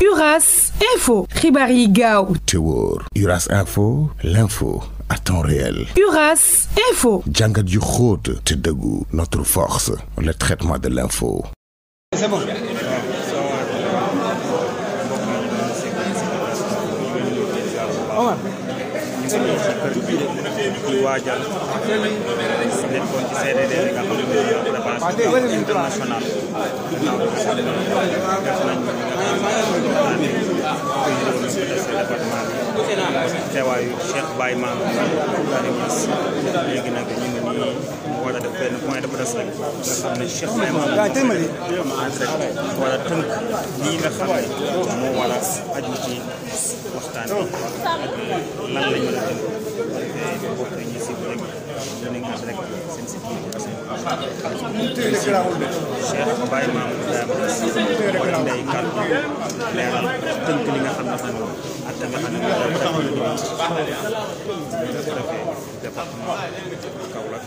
Uras Info. Ribari Gao. Tewor. Uras Info. L'info à temps réel. Uras Info. Django du te Notre force. Le traitement de l'info. ci suñu kër gi di waajal nekkoon ci CDD bi nga xam ne la préparation internationale def nañ teewaayu Cheikh Baye Maam léegi nag ñu ngi nii war a def benn point de presse rek nga xam ne Cheikh Maimouna en direct war a tënk lii nga xam ne moo war a aju ci waxtaan bi ak lan lañ mën a tënk bokk ñu si rek ñu ne en direct seen site yi Cheikh Baye Mamour Ibrahima day kàddu leeral tënk li nga xam ne xam ak tamit xam ne département Kaolack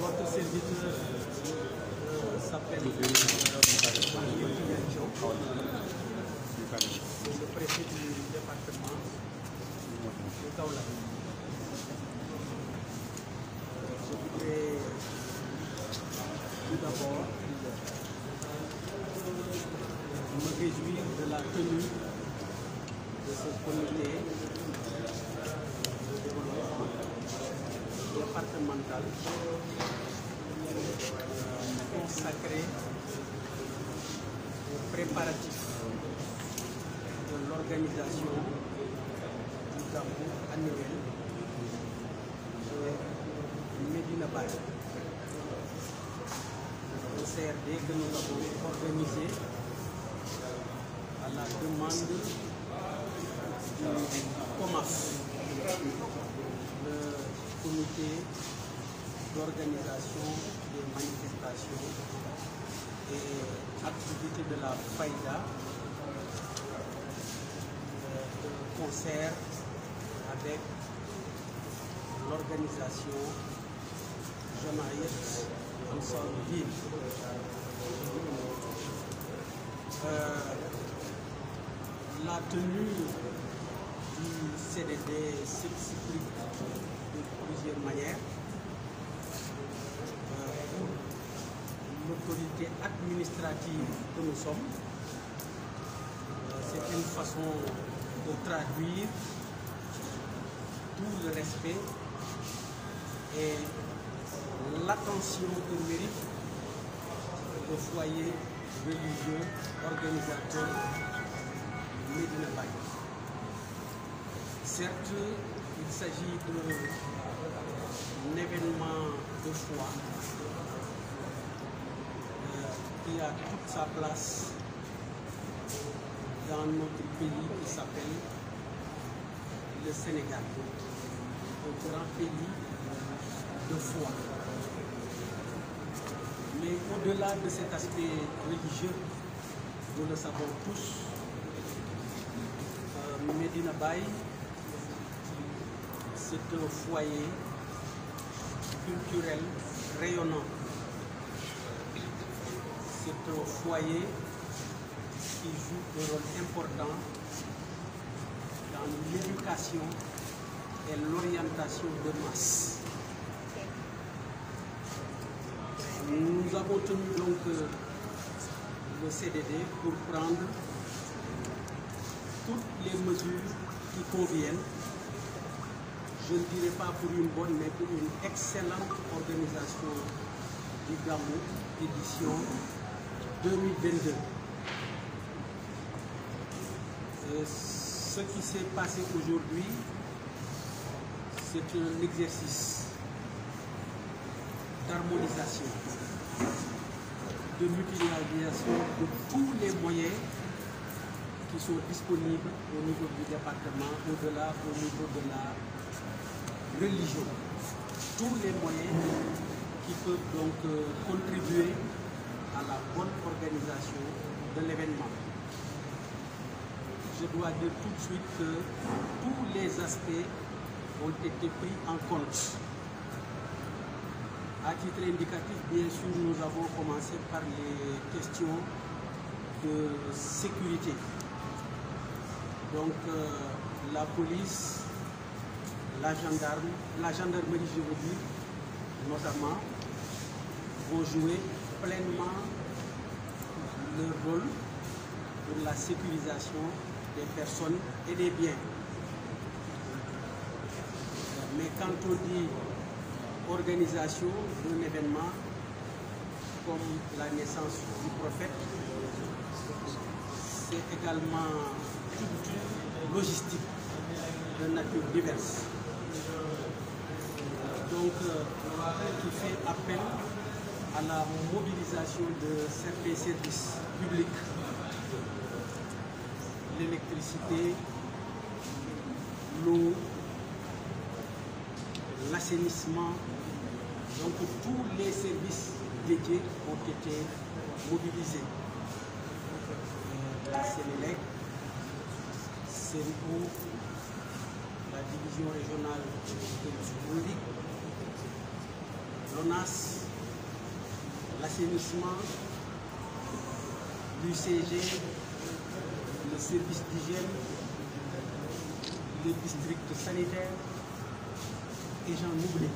votre serviteur s'appelle le préfet du département de Kaola. Je voudrais tout d'abord me réjouir de la tenue de ce comité de développement départemental consacré aux préparatifs de l'organisation du camp annuel de Medina Bay. Le CRD que nous avons organisé à la demande du COMAS, le comité d'organisation manifestations et activités de la FAIDA, le euh, concert avec l'organisation Jean-Marie. euh, la tenue du CDD s'explique de plusieurs manières. l'autorité administrative que nous sommes. Euh, c'est une façon de traduire tout le respect et l'attention que mérite le foyer religieux organisateur Medina Certes, il s'agit d'un événement de choix qui a toute sa place dans notre pays qui s'appelle le Sénégal. Un grand pays de foi. Mais au-delà de cet aspect religieux, nous le savons tous, euh, Medina Bay, c'est un foyer culturel rayonnant le foyer qui joue un rôle important dans l'éducation et l'orientation de masse. Nous avons tenu donc euh, le CDD pour prendre toutes les mesures qui conviennent, je ne dirais pas pour une bonne, mais pour une excellente organisation du GAMO édition 2022. Euh, ce qui s'est passé aujourd'hui, c'est un exercice d'harmonisation, de mutualisation de tous les moyens qui sont disponibles au niveau du département, au-delà, au niveau de la religion. Tous les moyens qui peuvent donc euh, contribuer organisation de l'événement. Je dois dire tout de suite que tous les aspects ont été pris en compte. À titre indicatif, bien sûr, nous avons commencé par les questions de sécurité. Donc, euh, la police, la, gendarme, la gendarmerie, je veux notamment, vont jouer pleinement leur rôle pour la sécurisation des personnes et des biens. Mais quand on dit organisation d'un événement comme la naissance du prophète, c'est également logistique de nature diverse. Donc, euh, qui fait appel à la mobilisation de certains services publics, l'électricité, l'eau, l'assainissement, donc tous les services dédiés ont été mobilisés. Euh, la CENELEC, CENECO, la division régionale de publics, l'ONAS, l'assainissement, CG, le service d'hygiène, le district sanitaire, et j'en oublie.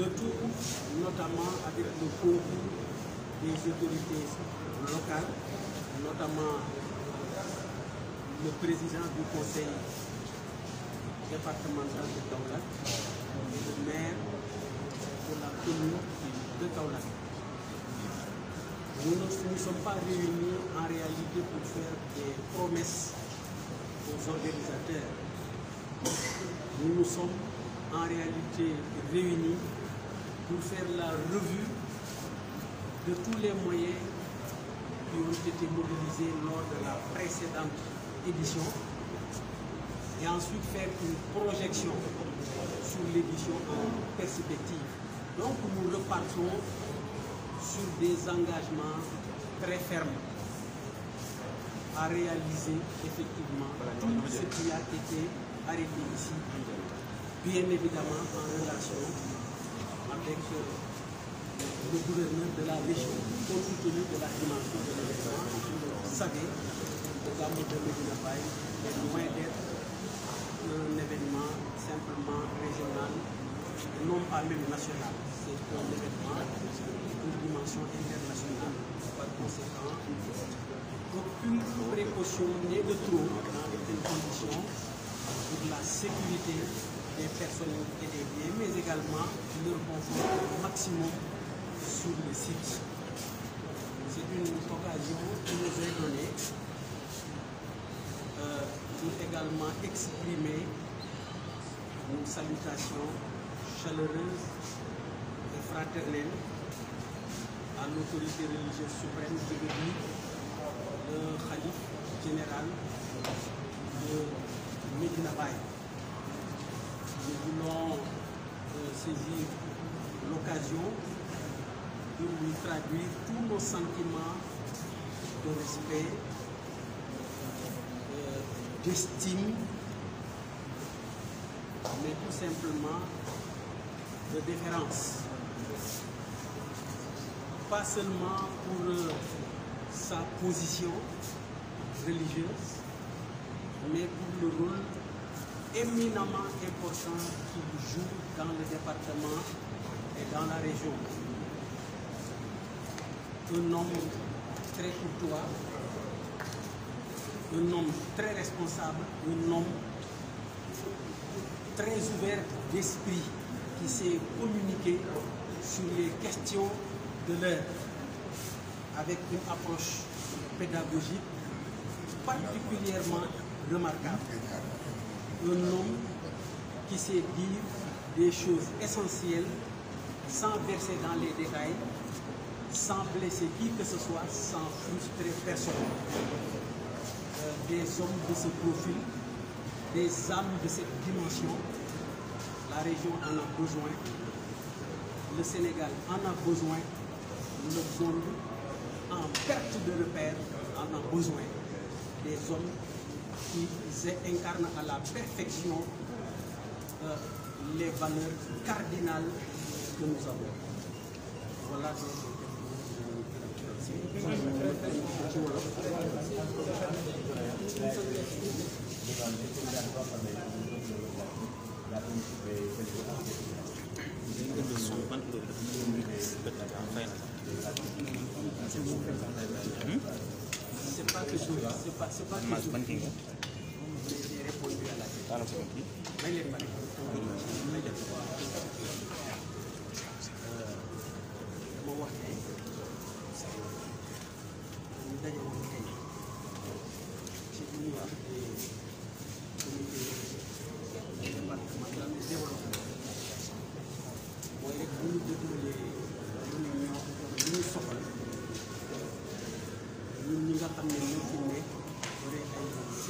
Le tout notamment avec le concours des autorités locales, notamment le président du conseil départemental de Daoulat, le maire de la commune nous ne sommes pas réunis en réalité pour faire des promesses aux organisateurs. Nous nous sommes en réalité réunis pour faire la revue de tous les moyens qui ont été mobilisés lors de la précédente édition et ensuite faire une projection sur l'édition en perspective. Donc nous repartons sur des engagements très fermes à réaliser effectivement ce qui a été arrêté ici, bien évidemment en relation avec euh, le gouverneur de la région, compte tenu de la dimension de l'événement. Vous savez, le Gabon de Bay est loin d'être un événement simplement régional non pas même nationale. C'est un événement d'une dimension internationale. Par conséquent, aucune précaution n'est de trop dans les conditions pour la sécurité des personnes et des biens, mais également leur confort au maximum sur le site. C'est une occasion qui nous est donnée euh, pour également exprimer nos salutations chaleureuse et fraternelle à l'autorité religieuse suprême, de le khalif général de Medina Baye. Nous voulons euh, saisir l'occasion de lui traduire tous nos sentiments de respect, euh, d'estime, mais tout simplement de déférence. Pas seulement pour euh, sa position religieuse, mais pour le rôle éminemment important qu'il joue dans le département et dans la région. Un homme très courtois, un homme très responsable, un homme très ouvert d'esprit qui s'est communiqué sur les questions de l'heure avec une approche pédagogique particulièrement remarquable. Un homme qui sait dire des choses essentielles sans verser dans les détails, sans blesser qui que ce soit, sans frustrer personne. Euh, des hommes de ce profil, des âmes de cette dimension région en a besoin, le Sénégal en a besoin, le monde en perte de repère en a besoin. Des hommes qui incarnent à la perfection euh, les valeurs cardinales que nous avons. Voilà C'est pas quelque chose, c'est pas,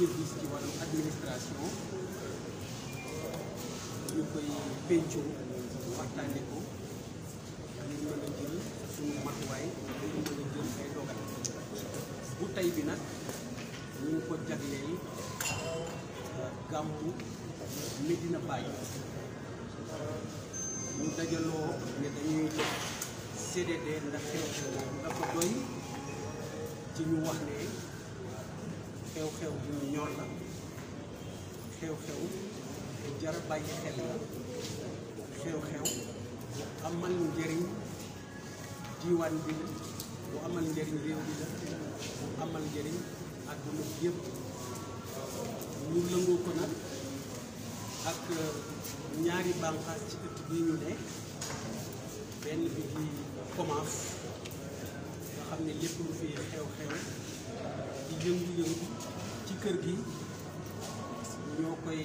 service ci wàllu administration ñu koy pencoo waxtaanee bu tey bi nag ñu ngi ko jagleel euh, gàmmu Medina Baye ñu dajaloo ne dañuy def CDD ndax xew dafa doy ci ñu wax ne xew-xew bu ñu la xew-xew bu jar a bàyyi xel la xew-xew bu amal njëriñ diiwaan bi la bu amal njëriñ réew bi la bu amal njëriñ àdduna bi yëpp ñu lëngoo ko nag ak ñaari bànqaas ci ëtt bi ñu ne benn bi di commence nga xam ne lépp lu fi xew-xew di yëngu-yëngu ci kër gi ñoo koy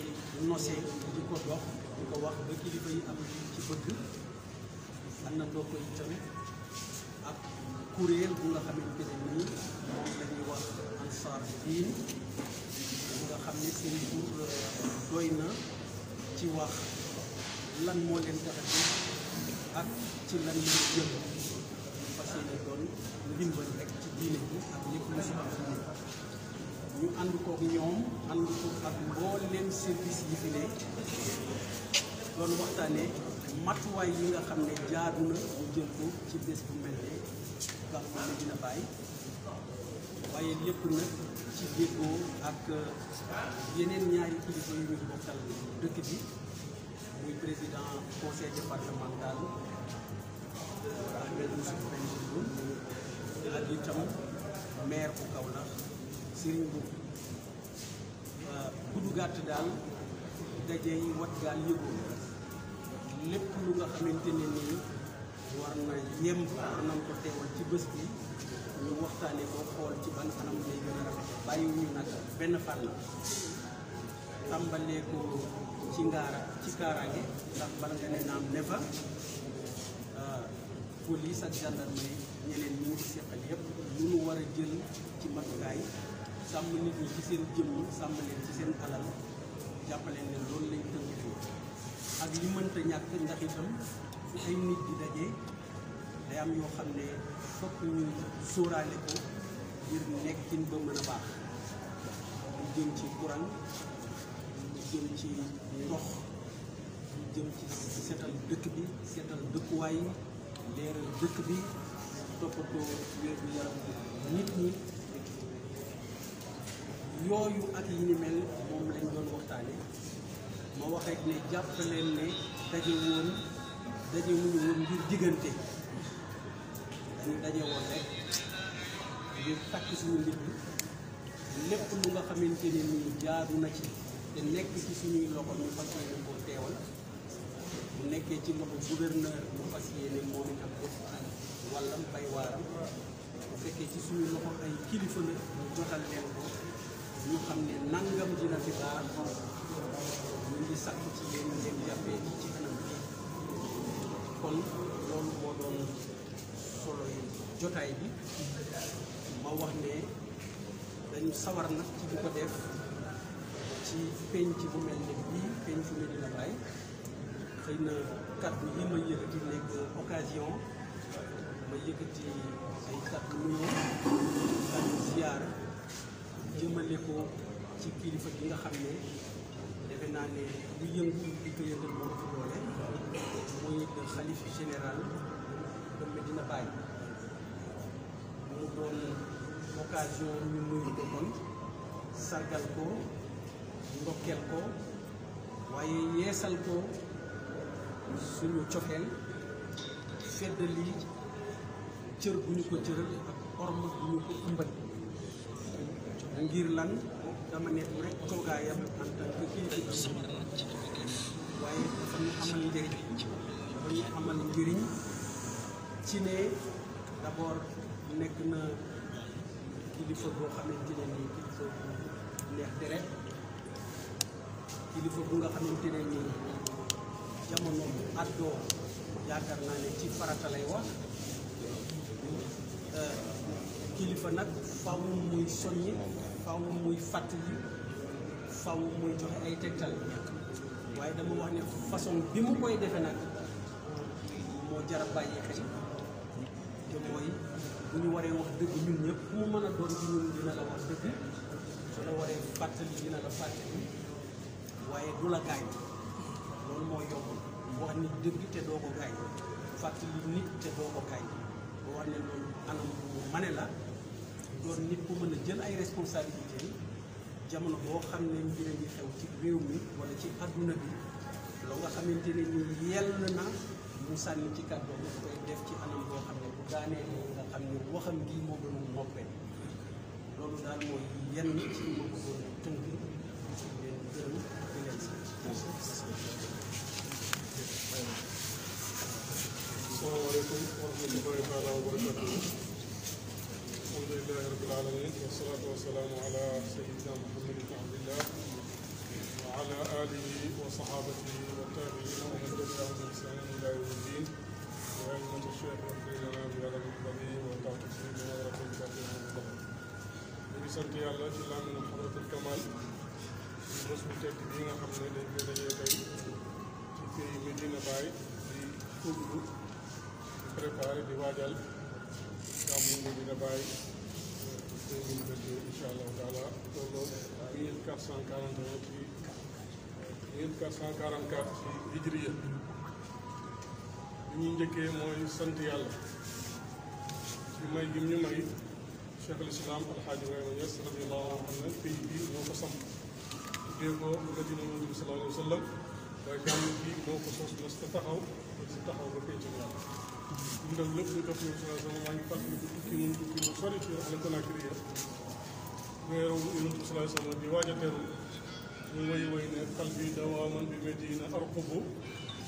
nosee di ko dox di ko wax ba kilifa yi am ci bëgg am na ndoo koy tamit ak kuréel bu nga xamante ne nii wax ansaar diin bu nga xam ne seen tur euh, doy na ci wax lan moo leen tax a ak ci lan lañu jëm fas yéene doon ndimbal rek diine bi ak lépp lu si am ñu ànd kook ñoom ànd ko ak mbooleem service yi fi ne doon waxtaanee matuwaay yi nga xam ne jaadu na ñu jël ko ci bés bu mel ne lépp yeneen ñaari kilifa yu ñu muy président conseil départemental Ahmed Moussa Benjeloun ak itam maire euh, daal daje yi wat gaal yëgoon lépp lu nga xamante ne nii war na yem war nañ ko teewal ci bés bi ñu waxtaanee ko xool ci ban anam lay gën a rafet nag benn fànn tàmbalee ci ngaara ci kaaraange ndax bala nga ne naam ne fa euh, police ak gendarmerie ñeneen ñi ñu seqal yépp lu nu war a jël ci matukaay sàmm nit ñi ci seen jëmm sàmm leen ci seen alal jàppaleen ne loolu lañ tënk fii ak li mënta ñàkk ndax itam ay nit di daje day am yoo xam ne fokk ñu sóoraale ko ngir nekkin ba mën a baax jëm ci courant jëm ci ndox jëm ci setal dëkk bi setal dëkkuwaay leeral dëkk bi toppatoo wér-gu-yaram nit ñi yooyu ak yi ni mel moom lañ doon waxtaane ma wax rek ne jàpp leen ne daje woon daje wuñu woon ngir diggante dañu daje woon rek ngir takk suñu nit ñi lépp lu nga xamante ne nii jaaru na ci te nekk ci suñuy loxo ñu fas yéene koo teewal bu nekkee ci loxo gouverneur mu fas yéene moom itam def àll wàllam bay waaram bu fekkee ci suñu loxo ay kilifa la ñu jotal leen ko ñu xam ne nangam dina fi baax ñu ngi sàkk ci yéen ngeen jàppee ci ci anam bi kon loolu moo doon solo jotaay bi ma wax ne dañu sawar nag ci di ko def ci penc bu mel ne bii penc Medina Baye xëy na kàddu yi ma yëkkati nekk occasion ma yëkkati ay kàddu nuyoo kàddu ziyaar jëmale ko ci kilifa gi nga xam ne defe naa ne bu yëngu di ko yëngal moom fi doole mooy le xalif général de Medina Baye mu doon occasion ñu nuyu sargal ko ndokkeel ko waaye yeesal ko suñu coxeel feddali cër bu ñu ko cëral ak orma bu ñu ko ëmbal ngir lan dama nekk rek toogaayam en tant que kilifa waaye dafa ñu amal njëriñ dafa ñu amal njëriñ ci ne d' nekk na kilifa boo xamante kilifa bu neex kilifa bu nga jamono addoo yaakaar naa ne ci farata lay wax kilifa nag faw muy soññi faw muy fàttali faw muy joxe ay tegtal waaye dama wax ne façon bi mu koy defee nag moo jar a bàyyi xel te mooy bu ñu waree wax dëgg ñun ñëpp mu mën a doon ci ñun dina la wax dëgg su la waree fàttali dina la fàttali waaye du la gaañ loolu moo yombul wax nit dëgg te doo ko gaañ fàttali nit te doo ko gaañ boo wax ne loolu anam bu mane la doon nit ku mën a jël ay responsabilités jamono boo xam ne mbir mi xew ci réew mi wala ci àdduna bi loo nga xamante ne ni yell na mu sànni ci kàddoom daf koy def ci anam boo xam ne bu daanee nga xam ne waxam gii moo gën a moppee loolu daal mooy yenn ci ma ko doon tënk di leen gërëm di leen sant السلام عليكم ورحمة الله تعالى وبركاته الحمد لله رب العالمين والصلاة والسلام على سيدنا محمد بن عبد الله وعلى آله وصحابته والتابعين ومن تبعهم بإحسان إلى يوم الدين وعلمة الشيخ ربي لنا بهذا المقتضي وتعطي سيدنا ربي كافينا المقتضي ñu sant yàlla ci làmmiñu xamratul kamal bés bu tedd bi nga xam ne dañ koy dajee tey ci pays Medina Baye di Koungheul दूसरे भाई दिवाजल भाई ताला तो लोग ईद का संकलन जो थी ईद का संकलन का हिजरिय जेके मोय संत यalla may gi ñu may cheikh al islam al hajj ibrahima yes radiyallahu anhu fi bi moo ko sam dee ko madina nabi sallallahu alayhi wa sallam waaye gàmm gi moo ko sos mos ta taxaw si taxaw ba penc yàlla dundal lépp ñu def yoon salaa sallam maa ngi fàttali ko tukki moom tukki mu sori ci àll Conakry ya weeru yonent salaa sallam di waaj a teru ñu way way ne xal bi dawaaman bi medina arqubu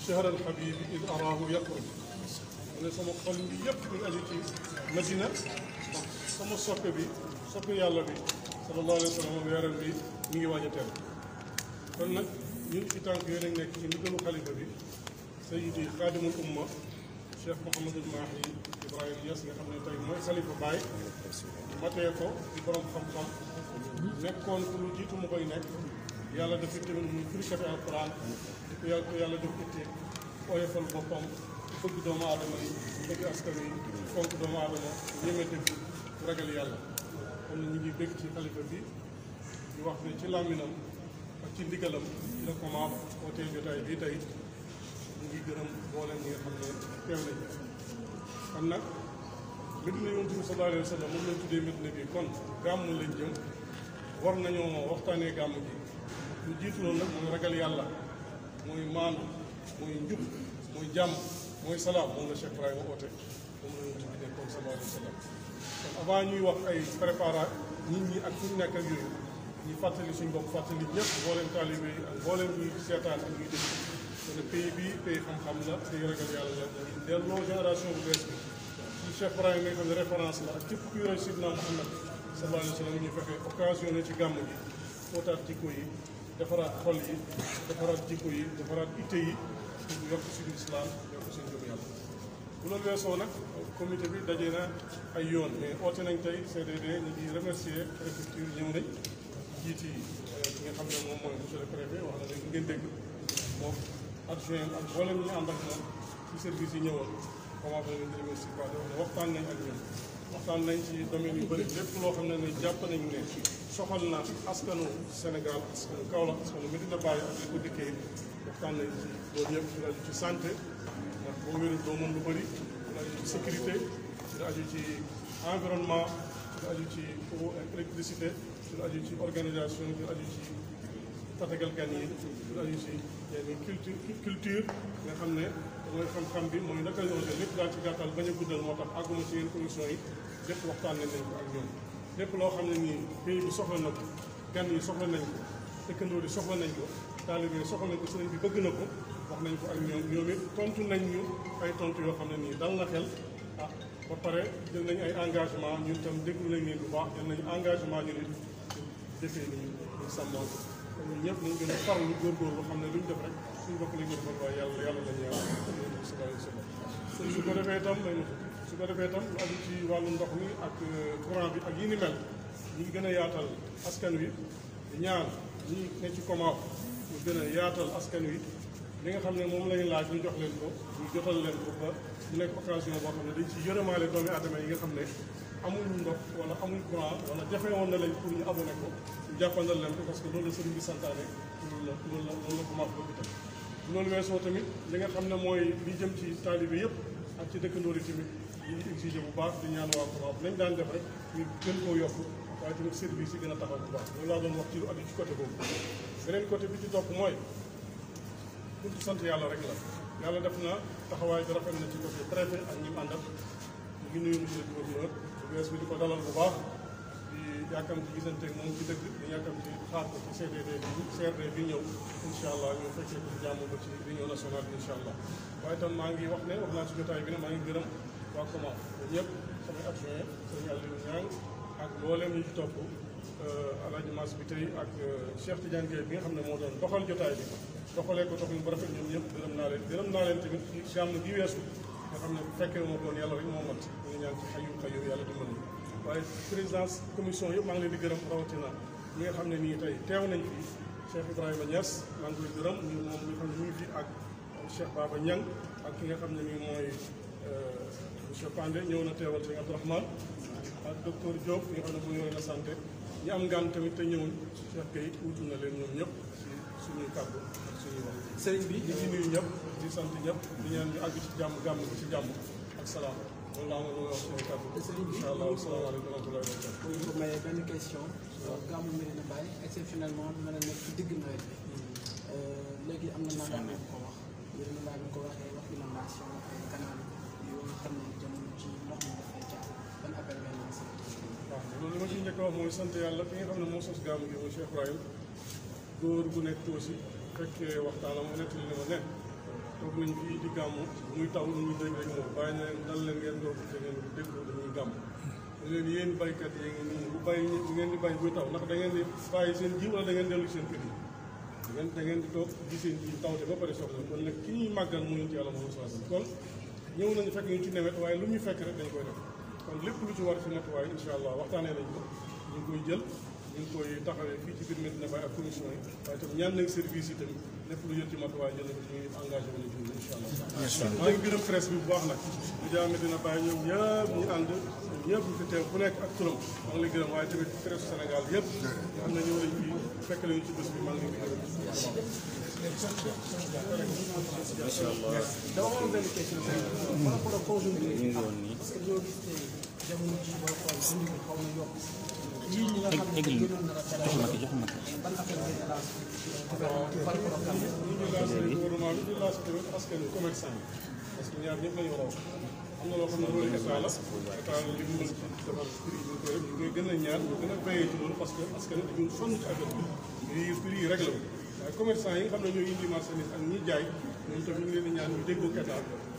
shahral xabibi id araahu yaqrab mu ne sama xol bi yëpp ñu aju ci madina sama soppe bi soppe yàlla bi sallallahu alayhi wa sallam weeram bi mi ngi waaj a teru kon nag ñun ci tànk yooyu lañ nekk ci ndigalu xalifa bi sayidi xaadimul umma Cheikh Mouhamadul Mahi Ibrahim Niass nga xam ne tey mooy xalifa Baye matee ko ci borom xam-xam nekkoon ku lu jiitu mu koy nekk yàlla dafa tamit muy firikati alquran ku yàlla ku yàlla def itte oyofal boppam bëgg doomu aadama yi bëgg askan yi fonk doomu aadama ñeme dëgg ragal yàlla kon ñu ngi bëgg ci xalifa bi di wax ne ci làmminam ak ci ndigalam la commence ootee jotaay bii tey ngi gërëm mboolem ñi nga xam ne teew nañu kon nag Medina Yonent bi sallallahu alayhi wa sallam moom lañ tuddee Medina bi kon gàmm lañ jëm war nañoo waxtaanee gàmm ji lu jiitu loolu mooy ragal yàlla mooy maandu mooy njub mooy jàmm mooy salaam moom la Cheikh Ibrahima oote moom la Yonent bi ñuy wax ay préparat nit ñi ak suñu nekk ak yooyu ñu fàttali suñu bopp fàttali ñëpp mbooleem yi seetaan ak ñuy dégg parce pays bi pays xam-xam la pays ragal yàlla la delloo génération bu bees bi ci Cheikh Ibrahima nga xam ne référence la ak képp kuy roy Sidna Muhammad sallallahu alayhi wa sallam ñu fexe occasionné ci gàmm gi fóotaat jikko yi defaraat xol yi defaraat jikko yi defaraat itte yi pour yokk suñu islam yokk seen jëm yàlla bu loolu weesoo nag comité bi daje na ay yoon mais oote nañ tey CDD ñu ngi remercier préfecture ñëw nañ jiiti yi euh, nga xam ne moom mooy monsieur le préfet na léegi ngeen adjoint ak mboolem ñu ànd ak moom ci service yi ñëwoon commencé nañ di remercier waxtaan nañ ci domaine yu bëri lépp loo xam ne ne jàpp nañ ne soxal na askanu Sénégal askanu Kaolack askanu Medina Baye ak li ko dikkee waxtaan nañ ci loolu yëpp dina aju ci santé ndax boo wérul doo lu bëri dina aju ci sécurité dina aju ci environnement dina aju ci eau ak électricité dina aju ci organisation dina aju ci tatagal yi dina aju ci yenn culture culture nga xam ne mooy xam-xam bi mooy naka la ñu lépp daal ci gàttal bañ a guddal moo tax àgguma ci yenn commission yi lépp waxtaan nañ ko ak ñoom lépp loo xam ne nii pays bi soxla na ko gan yi soxla nañ ko dëkkandoo yi soxla nañ ko taalibe yi soxla nañ ko sëriñ bi bëgg na ko wax nañ ko ak ñoom ñoom it tontu nañ ñu ay tontu yoo xam ne nii dal na xel ah ba pare jël nañ ay engagement ñun tam déglu nañ leen bu baax jël nañ engagement ñu nit defee nii ñu sàmmoon ñun ñëpp nañ gën a faru ñu góorgóorlu xam ne luñ def rek suñ bopp lañ góorgóorlu waaye yàlla yàlla lañu yàlla su ko defee itam may su ko defee tam lu aju ci wàllu ndox mi ak euh, courant bi ak yi ni mel ñu gën a yaatal askan wi ñaan ñi ne ci comaaw ñu gën a yaatal askan wi li nga xam ne moom lañu laaj ñu jox leen ko ñu jotal leen ko ba mu nekk occasion boo xam ne dañ ci yërëmaale doomi aadama yi nga xam ne amul ndox wala amul courant wala jafe woon na leen pour ñu abonné ko ñu jàppandal leen ko parce que loolu la sëriñ bi santaane loolu la loolu la loolu la ko maax bëgg tamit loolu weesoo tamit li nga xam ne mooy li jëm ci taalibe yëpp ak ci dëkkandoo yi tamit ñu ngi exiger bu baax di ñaan waa courant bu nañ daan def rek ñu gën koo yokk waaye tamit service yi gën a taxaw bu baax loolu laa doon wax ci lu aju ci côté boobu beneen côté bi ci topp mooy pour sant yàlla rek la yàlla def na taxawaay bi rafet na ci côté préfet ak ñi mu àndal ñu ngi nuyu monsieur le gouverneur wees bi di ko dalal bu baax di yàkkam ci gisante moom ci dëkk di yàkkam ci xaar ko ci CDD bi bi ñëw incha allah ñu fekkee ko ci jàmm ba ci réunion nationale bi incha allah waaye tam maa ngi wax ne wax naa ci jotaay bi ne maa ngi gërëm waa comment ñëpp ak looleem ñu ci topp euh, bi tey ak euh, Cheikh Tidiane Gueye bi nga xam ne moo doon doxal jotaay bi doxalee ko doxalin bu rafet ñoom ñëpp gërëm naa leen gërëm naa leen tamit ci jàmm gi weesu nga xam ne bu fekkee moo doon yàlla rek moo ñaan ci xayu xayu yàlla dimbali waaye présidence commission yëpp maa ngi leen di gërëm rawatina ñi nga xam ne nii tey teew nañ fi Cheikh Ibrahima Niass maa ngi koy gërëm ñu moom nga xam ak ki nga xam ne nii mooy euh, monsieur Pandé ñëw na teewal sëñ Abdourahmane ak docteur Diop nga xam ne bu yore la santé ñi am ngaan tamit te ñëwul Cheikh Gueye wuutu na leen ñoom ñëpp ci suñuy kàddu sëriñ bi ñu ngi nuyu ñëpp di sant ñëpp di ñaan ñu àgg ci jàmm gàmm ci jàmm ak salaam loolu laa amoon wax suñu kàddu ko gàmm a nekk ci digg bi euh, na naa nga ko wax Medina Baye bi ko waxee wax inondation xam ne jamono ci ndox mi dafay jaar ban appel ngay lancé waaw loolu li wax mooy sant yàlla ki nga xam ne moo sos gàmm gi mooy Cheikh Ibrahim góor gu nekk aussi fekkee waxtaanam mu nekk li ne ma ne toog nañ fii di gàmm muy taw muy dëgg rek moom bàyyi leen ngeen doog te ngeen ko dégg dañuy gàmm ñu leen yéen baykat yi ngeen nii bu bàyyi ngeen di bàyyi buy taw ndax da ngeen di bàyyi seen ji wala da ngeen dellu seen kër yi da ngeen di toog di seen ji tawte ba pare soxla kon nag ki ñuy màggal mu ci yàlla moom soi kon ñëw nañu fekk ñu ci nawet waaye lu ñu fekk rek dañ koy def kon lépp lu ci war ci matuwaay incha allah waxtaanee nañ ko ñu koy jël ñu ngi koy taxawee fii ci biir Medina Baye ak commission yi waaye itam ñaan nañ service yi tamit lépp lu yëpp ci matuwaay jël ko ñuy engagé wu nañ allah. maa ngi gërëm presse bi bu baax nag. di jaam Medina Baye ñoom ñëpp ñu ànd ñëpp ñu fi teew ku nekk ak turam maa ngi fekk nañu ci bés bi maa ngi lay gërëm. incha allah. dama am benn question. Hmm. par rapport ak conjoncture dégg nga jox ma ko jox ma ko. parce que ñaar ñëpp la ñu a wax am xam ne loolu état la état li mu mën defar prix ñu koy ñu koy gën a ñaar ñu gën a béyee loolu parce que askan bi ñu sonn ci affaire bi lii prix yi rek la waaye commerçant yi nga xam ne ñooy indi marchandise ak ñi jaay ñoom tamit ñu ngi leen ñu déggoo état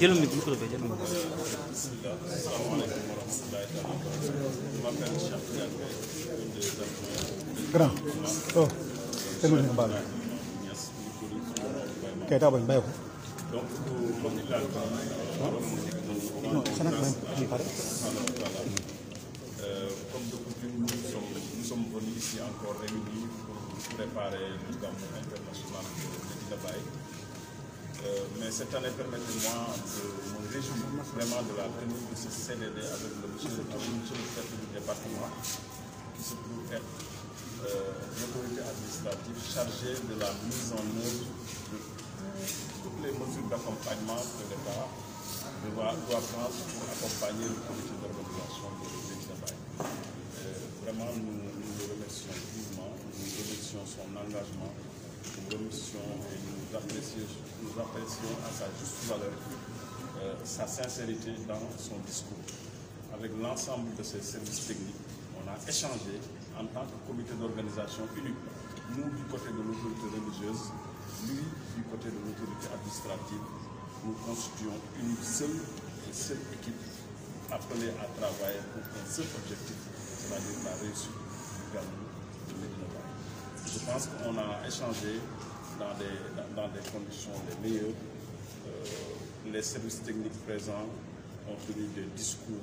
jëlum bi micro bi jëlum oh tenu ni mbal kay ta encore réunis pour préparer le international de Euh, mais cette année, permettez-moi de me réjouir vraiment de la tenue de ce CDD avec le monsieur, le chef du département, qui se trouve être l'autorité euh, administrative chargée de la mise en œuvre de toutes les mesures d'accompagnement que l'État doit, doit prendre pour accompagner le comité d'organisation de l'examen. Euh, vraiment, nous, nous le remercions vivement, nous remercions son engagement et nous apprécions, à sa juste valeur sa sincérité dans son discours. Avec l'ensemble de ses services techniques, on a échangé en tant que comité d'organisation unique, nous du côté de l'autorité religieuse, lui du côté de l'autorité administrative. Nous constituons une seule et seule équipe appelée à travailler pour un seul objectif, c'est-à-dire la réussite du gouvernement je pense qu'on a échangé dans des, conditions les meilleures. Euh, les services techniques présents ont tenu des discours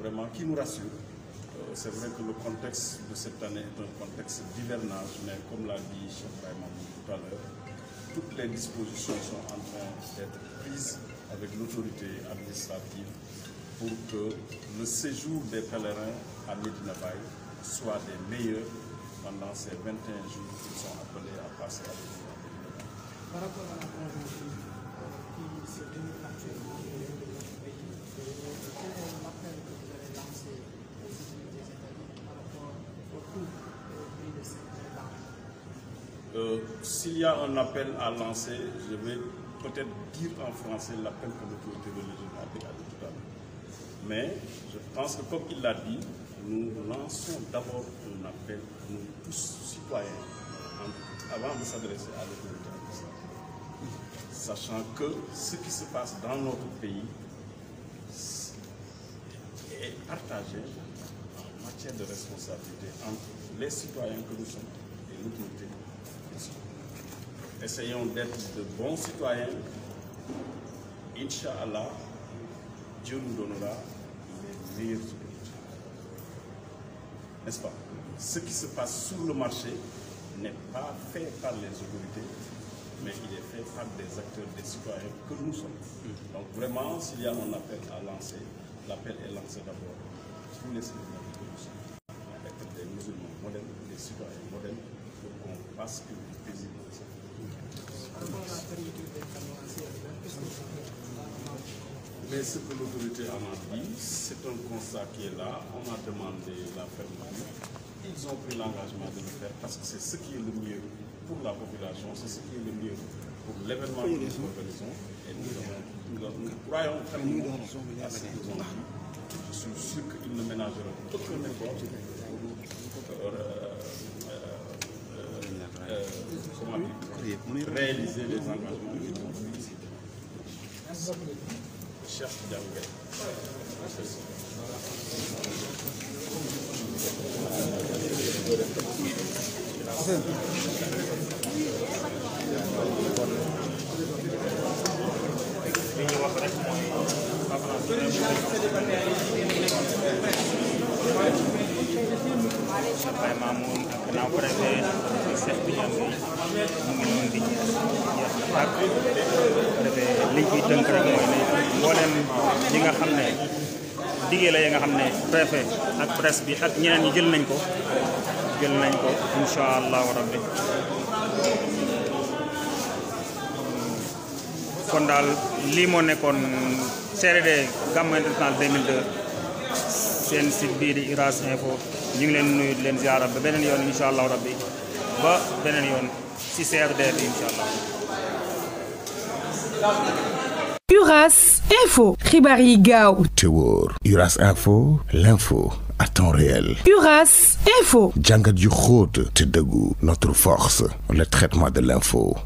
vraiment qui nous rassurent. Euh, c'est vrai que le contexte de cette année est un contexte d'hivernage, mais comme l'a dit Chef Raymond tout à l'heure, toutes les dispositions sont en train d'être prises avec l'autorité administrative pour que le séjour des pèlerins à Medina Bay soit des meilleurs pendant ces 21 jours qu'ils sont appelés à passer à l'élection. Par rapport à la conjoncture euh, qui se tenue actuellement dans notre pays, euh, quel est l'appel que vous avez lancé aux études des États-Unis par rapport au coût euh, prix de cette langue S'il y a un appel à lancer, je vais peut-être dire en français l'appel que l'autorité de a de tout à l'heure. Mais je pense que comme il l'a dit, nous lançons d'abord nous tous citoyens hein, avant de s'adresser à l'autorité sachant que ce qui se passe dans notre pays est partagé en matière de responsabilité entre les citoyens que nous sommes et l'autorité. Essayons d'être de bons citoyens. Inch'Allah, Dieu nous donnera les meilleurs N'est-ce pas ce qui se passe sur le marché n'est pas fait par les autorités, mais il est fait par des acteurs, des citoyens que nous sommes. Donc vraiment, s'il y a un appel à lancer, l'appel est lancé d'abord Tous les citoyens que nous sommes, avec des musulmans modernes, des citoyens modernes, pour qu'on passe plus président. de Mais ce que l'autorité en a dit, c'est un constat qui est là. On a demandé la fermeture ils ont pris l'engagement de le faire parce que c'est ce qui est le mieux pour la population, c'est ce qui est le mieux pour l'événement que nous organisons. Et nous, avons, nous, à Je suis sûr qu'ils ne ménageront aucun effort pour réaliser les engagements qu'ils ont ici. Sen. Sampai Mamun kenal berada di sekitar ini mengundi ya ak berada ligi tengker moy ne mbolem yi nga xamne digé la yi ak bi ak ñeneen ñi jël nañ ko insha allahu rabbi kon daal lii moo nekkoon CRD Gamou International 2002 seen site di Uras Info ñu ngi leen nuyu leen ziara ba beneen yoon insha allahu rabbi ba beneen yoon ci CRD bi insha allah Uras Info xibaar yi gaaw te wóor Uras Info à temps réel. URAS Info. Django du te Notre force, le traitement de l'info.